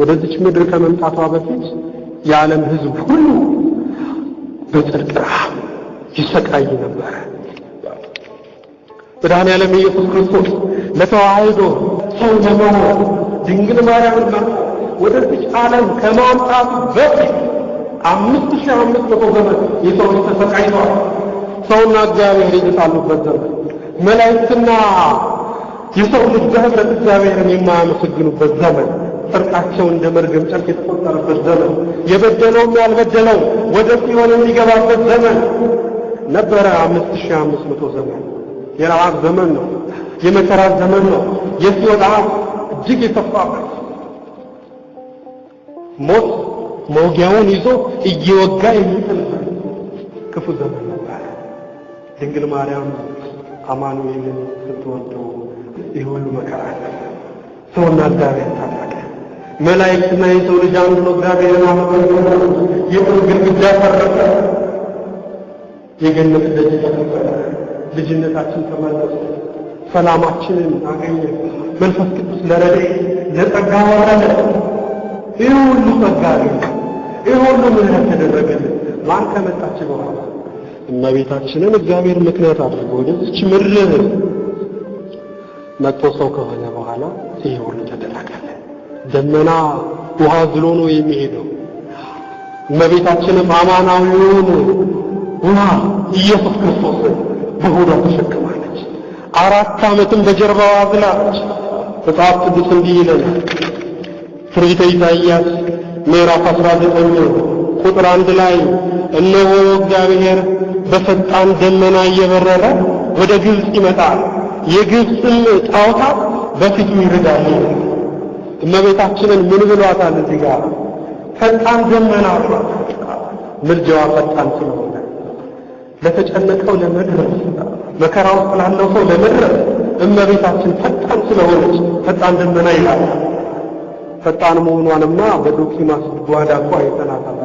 ወደዚች ምድር ከመምጣቷ በፊት የዓለም ሕዝብ ሁሉ በጽድቅ ረሃብ ይሰቃይ ነበር። መድኃኔ ያለም ኢየሱስ ክርስቶስ ለተዋህዶ ሰው ለመሆን ድንግል ማርያምን መርጦ ወደዚች ዓለም ከማምጣቱ በፊት አምስት ሺህ አምስት መቶ ዘመን የሰው ልጅ ተሰቃይቷል። ሰውና እግዚአብሔር የተጣሉበት ዘመን፣ መላእክትና የሰው ልጅ በህብረት እግዚአብሔርን የማያመሰግኑበት ዘመን ጽድቃቸው እንደ መርገም ጨርቅ የተቆጠረበት ዘመን የበደለውም ያልበደለው ወደ ጽዮን የሚገባበት ዘመን ነበረ። አምስት ሺህ አምስት መቶ ዘመን የረዓብ ዘመን ነው። የመከራ ዘመን ነው። የጽዮን ረዓብ እጅግ የሰፋበት ሞት መውጊያውን ይዞ እየወጋ የሚጥልበት ክፉ ዘመን ነበር። ድንግል ማርያም አማኑኤልን ስትወልደው ይህ ሁሉ መከራ ሰውና እግዚአብሔር መላእክትና የሰው ልጅ አንድ ነው። እግዚአብሔርን አመሰገኑ። የጥሩ ግድግዳ ፈረሰ፣ የገነት ደጅ ተከፈተ። ልጅነታችን ተመለሰ፣ ሰላማችንን አገኘ። መንፈስ ቅዱስ ለረዴ ለጸጋ ወረደ። ይህ ሁሉ ጸጋ ይህ ሁሉ ምሕረት ተደረገልን። ማን ከመጣች በኋላ እመቤታችንን እግዚአብሔር ምክንያት አድርጎ ወደዚች ምድር መጥቶ ሰው ከሆነ በኋላ ይህ ሁሉ ተደረገ። ደመና ውሃ ዝሎ ነው የሚሄደው። እመቤታችንም አማናዊውን ውሃ ኢየሱስ ክርስቶስን በሆዷ ተሸክማለች። አራት ዓመትም በጀርባዋ አዝላለች። መጽሐፍ ቅዱስ እንዲህ ይለናል። ትንቢተ ኢሳይያስ ምዕራፍ 19 ቁጥር አንድ ላይ እነሆ እግዚአብሔር በፈጣን ደመና እየበረረ ወደ ግብፅ ይመጣል፣ የግብፅም ጣዖታት በፊቱ ይርዳል። እመቤታችንን ምን ብሏታል? እዚህ ጋር ፈጣን ደመና ምልጃዋ ፈጣን ስለሆነ ለተጨነቀው ለመድረስ፣ መከራ ውስጥ ላለው ሰው ለመድረስ እመቤታችን ፈጣን ስለሆነች ፈጣን ደመና ይላል። ፈጣን መሆኗንማ በዶኪማስ ጓዳ እኮ አይተናታል።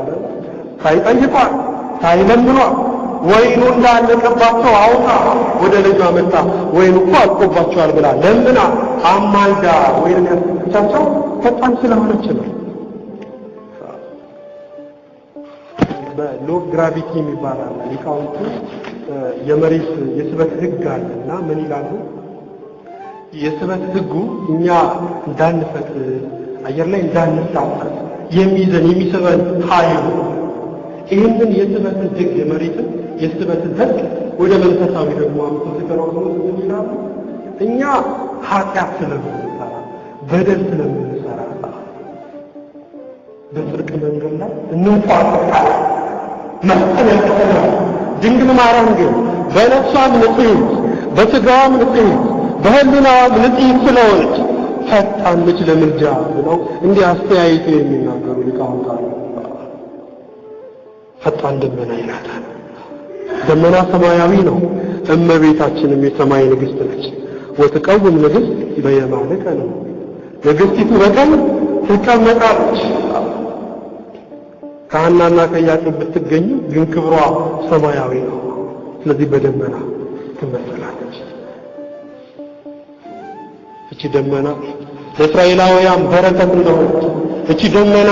ሳይጠይቋል፣ ሳይለምኗል ወይኑ እንዳለቀባቸው አውጣ ወደ ልጇ መጣ። ወይኑ እኮ አልቆባቸዋል ብላ ለምና አማልዳ ወይን ያስቻቸው ፈጣን ስለሆነች ነው። በሎ ግራቪቲ የሚባል አለ። ሊቃውንቱ የመሬት የስበት ህግ አለ እና ምን ይላሉ? የስበት ህጉ እኛ እንዳንፈት አየር ላይ እንዳንሳፈት የሚይዘን የሚስበን ኃይሉ ይህንን የስበትን ህግ የመሬትን የስበትን ህግ ወደ መንፈሳዊ ደግሞ አምጥቶ ሲቀረው ነው ይላሉ እኛ ኃጢአት ስለምንሰራ በደል ስለምንሰራ በጽድቅ መንገድ ላይ እንንፏቀቃል መስጠን ያልተሰራ ድንግል ማርያም ግን በነፍሷም ንጽሕት በስጋዋም ንጽሕት በህልናዋም ንጽሕት ስለሆነች ልጅ ለምልጃ ብለው እንዲህ አስተያየቱ የሚናገሩ ሊቃውንት አሉ። ፈጣን ደመና ይላታል። ደመና ሰማያዊ ነው። እመቤታችንም የሰማይ ንግሥት ነች። ወትቀውም ንግሥት በየማለቀ ነው ንግሥቲቱ በቀን ትቀመጣለች። ከሐናና ከኢያቄም ብትገኙ ግን ክብሯ ሰማያዊ ነው። ስለዚህ በደመና ትመሰላለች። እቺ ደመና ለእስራኤላውያን በረከት እንደሆነች እቺ ደመና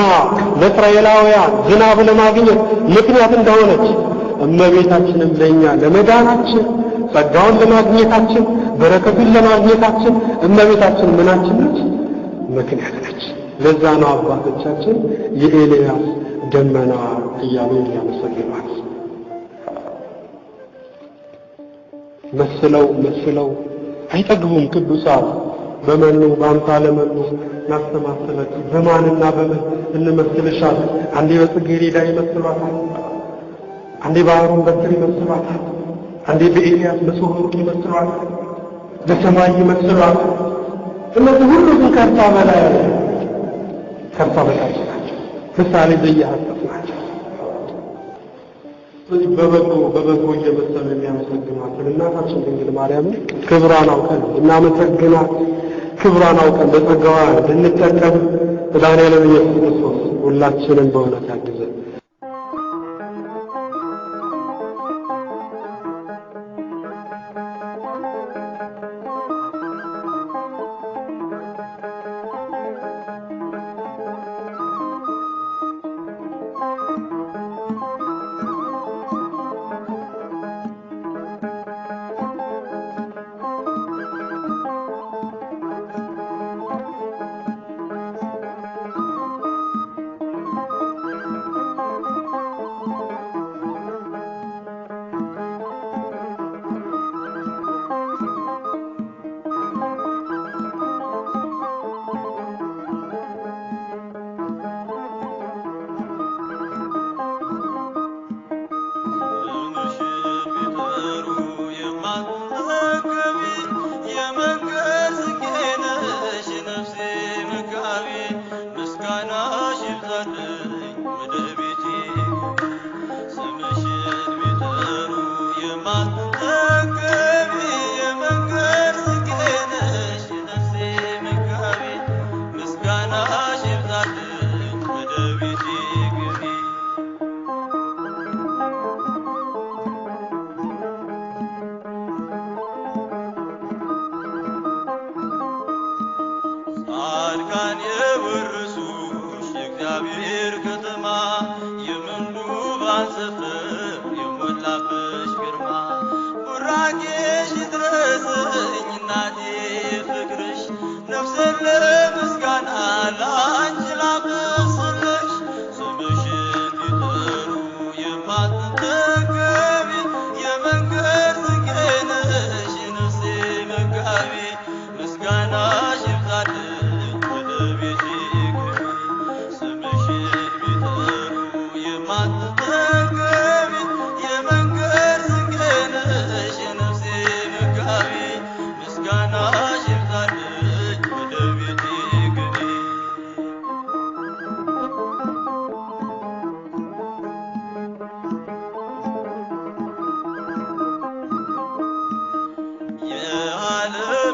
ለእስራኤላውያን ዝናብ ለማግኘት ምክንያት እንደሆነች እመቤታችንም ለእኛ ለመዳናችን ጸጋውን ለማግኘታችን በረከቱን ለማግኘታችን እመቤታችን ምናችን ነች? ምክንያት ነች። ለዛ ነው አባቶቻችን የኤልያስ ደመና እያሉ የሚያመሰግኗት። መስለው መስለው አይጠግቡም። ቅዱሳት በመኑ በአምሳ ለመኑ ናስተማሰለች በማንና በምን እንመስልሻል? አንዴ በጽጌሬዳ ይመስሏታል አንዴ በአሮን በትር ይመስሏታል፣ አንዴ በኤልያስ በሶሆር ይመስሏታል፣ በሰማይ ይመስሏታል። እነዚህ ሁሉ ግን ከእርሷ በላይ ከእርሷ በታች ናቸው። ምሳሌ ዘያሀሰት ናቸው። ስለዚህ በበጎ በበጎ እየመሰሉ የሚያመሰግኗትን እናታችን ድንግል ማርያምን ክብሯን አውቀን እናመሰግናት። ክብሯን አውቀን በጸጋዋ እንድንጠቀም መድኃኔዓለም ኢየሱስ ክርስቶስ ሁላችንም በእውነት ያግዘን። የወረሱሽ የእግዚአብሔር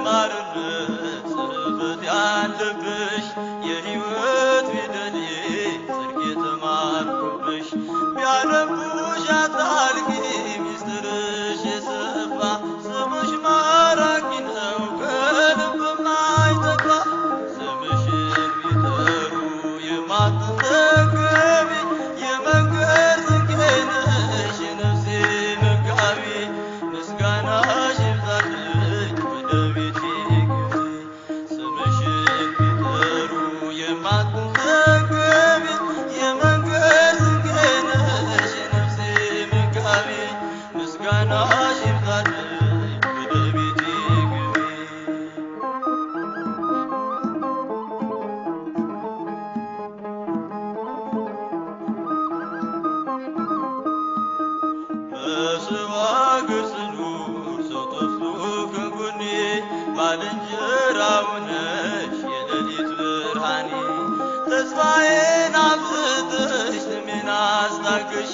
ማርነት ስርበት ያለብሽ ስዋግ ጽኑ ብርሃኔ ተስፋዬን አብዝተሽ ስሜን አስታግሺ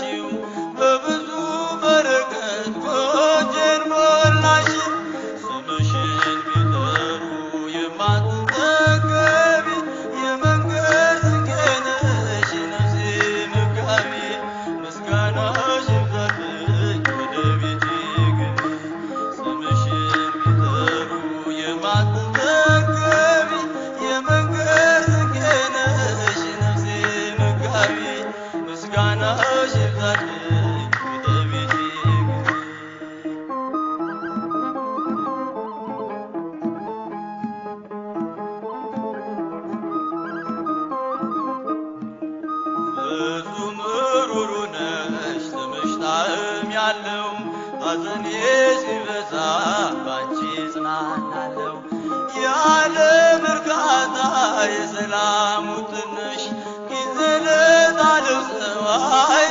በፍጹም ሩሩ ነሽ ስምሽ ጣዕም ያለው ሐዘኔ ሲበዛ ባንቺ ጽናናለው የዓለም እርካታ የሰላሙ ትንሽ ጊዜ ለታለው ሰዋይ